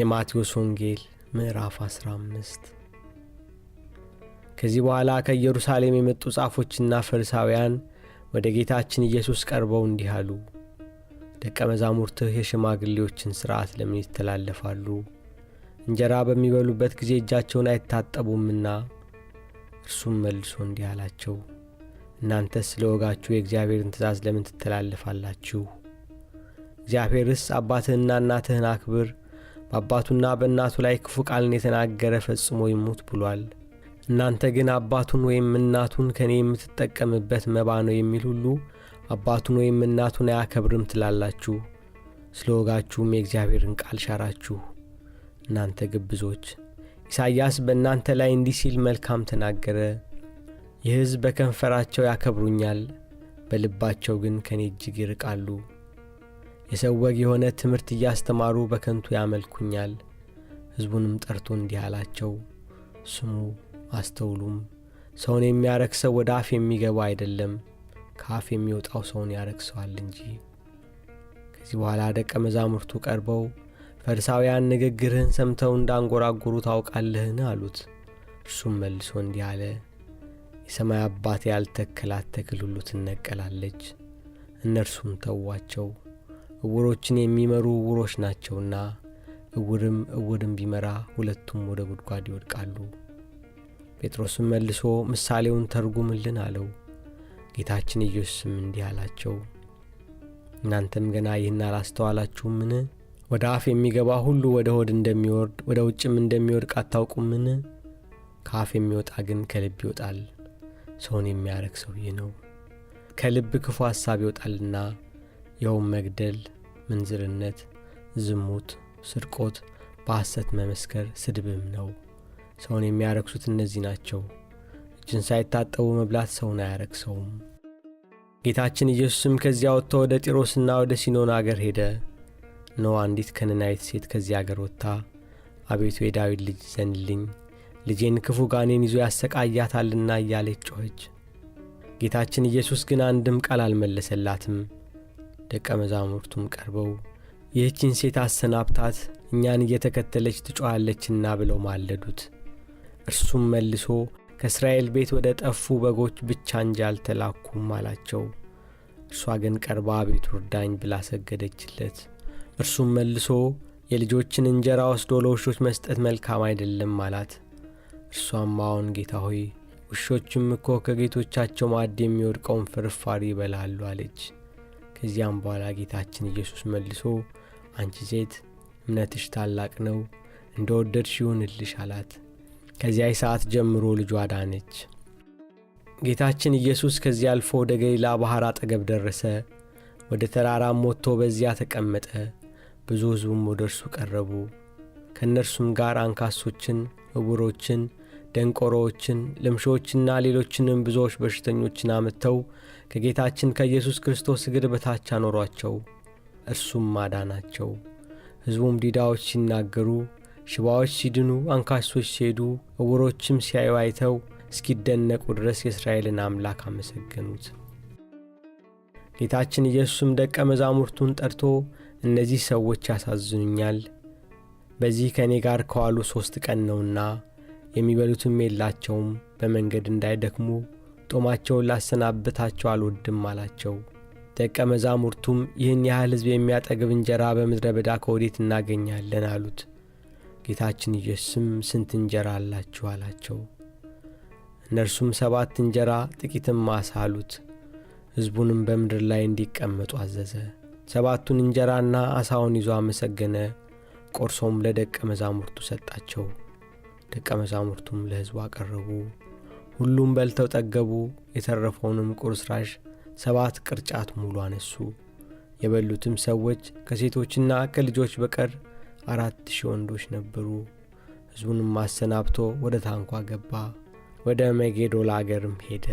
የማቴዎስ ወንጌል ምዕራፍ 15 ከዚህ በኋላ ከኢየሩሳሌም የመጡ ጻፎችና ፈሪሳውያን ወደ ጌታችን ኢየሱስ ቀርበው እንዲህ አሉ። ደቀ መዛሙርትህ የሽማግሌዎችን ሥርዓት ለምን ይተላለፋሉ? እንጀራ በሚበሉበት ጊዜ እጃቸውን አይታጠቡምና። እርሱም መልሶ እንዲህ አላቸው፣ እናንተስ ስለ ወጋችሁ የእግዚአብሔርን ትእዛዝ ለምን ትተላለፋላችሁ? እግዚአብሔርስ አባትህና እናትህን አክብር በአባቱና በእናቱ ላይ ክፉ ቃልን የተናገረ ፈጽሞ ይሙት ብሏል። እናንተ ግን አባቱን ወይም እናቱን ከእኔ የምትጠቀምበት መባ ነው የሚል ሁሉ አባቱን ወይም እናቱን አያከብርም ትላላችሁ። ስለ ወጋችሁም የእግዚአብሔርን ቃል ሻራችሁ፣ እናንተ ግብዞች። ኢሳይያስ በእናንተ ላይ እንዲህ ሲል መልካም ተናገረ። የሕዝብ በከንፈራቸው ያከብሩኛል፣ በልባቸው ግን ከእኔ እጅግ ይርቃሉ። የሰው ወግ የሆነ ትምህርት እያስተማሩ በከንቱ ያመልኩኛል። ሕዝቡንም ጠርቶ እንዲህ አላቸው፣ ስሙ አስተውሉም። ሰውን የሚያረክሰው ወደ አፍ የሚገባ አይደለም፣ ከአፍ የሚወጣው ሰውን ያረክሰዋል እንጂ። ከዚህ በኋላ ደቀ መዛሙርቱ ቀርበው ፈሪሳውያን ንግግርህን ሰምተው እንዳንጎራጎሩ ታውቃለህን? አሉት። እርሱም መልሶ እንዲህ አለ፣ የሰማይ አባቴ ያልተከላት ተክል ሁሉ ትነቀላለች። እነርሱም ተዋቸው። እውሮችን የሚመሩ እውሮች ናቸውና እውርም እውርም ቢመራ ሁለቱም ወደ ጉድጓድ ይወድቃሉ። ጴጥሮስም መልሶ ምሳሌውን ተርጉምልን አለው። ጌታችን ኢየሱስም እንዲህ አላቸው፣ እናንተም ገና ይህን አላስተዋላችሁምን? ወደ አፍ የሚገባ ሁሉ ወደ ሆድ እንደሚወርድ ወደ ውጭም እንደሚወድቅ አታውቁምን? ከአፍ የሚወጣ ግን ከልብ ይወጣል፣ ሰውን ሰው ይህ ነው። ከልብ ክፉ ሐሳብ ይወጣልና ይኸውም መግደል፣ ምንዝርነት፣ ዝሙት፣ ስርቆት፣ በሐሰት መመስከር፣ ስድብም ነው። ሰውን የሚያረክሱት እነዚህ ናቸው። እጅን ሳይታጠቡ መብላት ሰውን አያረክሰውም። ጌታችን ኢየሱስም ከዚያ ወጥቶ ወደ ጢሮስና ወደ ሲኖን አገር ሄደ። ኖ አንዲት ከነናይት ሴት ከዚያ አገር ወጥታ አቤቱ የዳዊት ልጅ ዘንልኝ፣ ልጄን ክፉ ጋኔን ይዞ ያሰቃያታልና እያለች ጮኸች። ጌታችን ኢየሱስ ግን አንድም ቃል አልመለሰላትም። ደቀ መዛሙርቱም ቀርበው ይህችን ሴት አሰናብታት እኛን እየተከተለች ትጮኻለችና ብለው ማለዱት። እርሱም መልሶ ከእስራኤል ቤት ወደ ጠፉ በጎች ብቻ እንጂ አልተላኩም አላቸው። እርሷ ግን ቀርባ ቤቱ እርዳኝ ብላ ሰገደችለት። እርሱም መልሶ የልጆችን እንጀራ ወስዶ ለውሾች መስጠት መልካም አይደለም አላት። እርሷም አዎን ጌታ ሆይ፣ ውሾችም እኮ ከጌቶቻቸው ማዕድ የሚወድቀውን ፍርፋሪ ይበላሉ አለች። ከዚያም በኋላ ጌታችን ኢየሱስ መልሶ አንቺ ሴት እምነትሽ ታላቅ ነው፣ እንደ ወደድሽ ይሁንልሽ አላት። ከዚያ ሰዓት ጀምሮ ልጇ አዳነች ጌታችን ኢየሱስ ከዚያ አልፎ ወደ ገሊላ ባሕር አጠገብ ደረሰ። ወደ ተራራም ሞጥቶ በዚያ ተቀመጠ። ብዙ ሕዝቡም ወደ እርሱ ቀረቡ። ከእነርሱም ጋር አንካሶችን፣ ዕውሮችን ደንቆሮዎችን፣ ልምሾችና ሌሎችንም ብዙዎች በሽተኞችን አምጥተው ከጌታችን ከኢየሱስ ክርስቶስ እግር በታች አኖሯቸው፣ እርሱም አዳናቸው። ሕዝቡም ዲዳዎች ሲናገሩ፣ ሽባዎች ሲድኑ፣ አንካሶች ሲሄዱ፣ ዕውሮችም ሲያዩ አይተው እስኪደነቁ ድረስ የእስራኤልን አምላክ አመሰገኑት። ጌታችን ኢየሱስም ደቀ መዛሙርቱን ጠርቶ እነዚህ ሰዎች ያሳዝኑኛል፣ በዚህ ከእኔ ጋር ከዋሉ ሦስት ቀን ነውና የሚበሉትም የላቸውም፣ በመንገድ እንዳይደክሙ ጦማቸውን ላሰናብታቸው አልወድም አላቸው። ደቀ መዛሙርቱም ይህን ያህል ሕዝብ የሚያጠግብ እንጀራ በምድረ በዳ ከወዴት እናገኛለን አሉት። ጌታችን ኢየሱስም ስንት እንጀራ አላችሁ አላቸው። እነርሱም ሰባት እንጀራ ጥቂትም ማሳ አሉት። ሕዝቡንም በምድር ላይ እንዲቀመጡ አዘዘ። ሰባቱን እንጀራና አሳውን ይዞ አመሰገነ፣ ቆርሶም ለደቀ መዛሙርቱ ሰጣቸው። ደቀ መዛሙርቱም ለሕዝቡ አቀረቡ። ሁሉም በልተው ጠገቡ። የተረፈውንም ቁርስራሽ ሰባት ቅርጫት ሙሉ አነሱ። የበሉትም ሰዎች ከሴቶችና ከልጆች በቀር አራት ሺህ ወንዶች ነበሩ። ሕዝቡንም አሰናብቶ ወደ ታንኳ ገባ፣ ወደ መጌዶል አገርም ሄደ።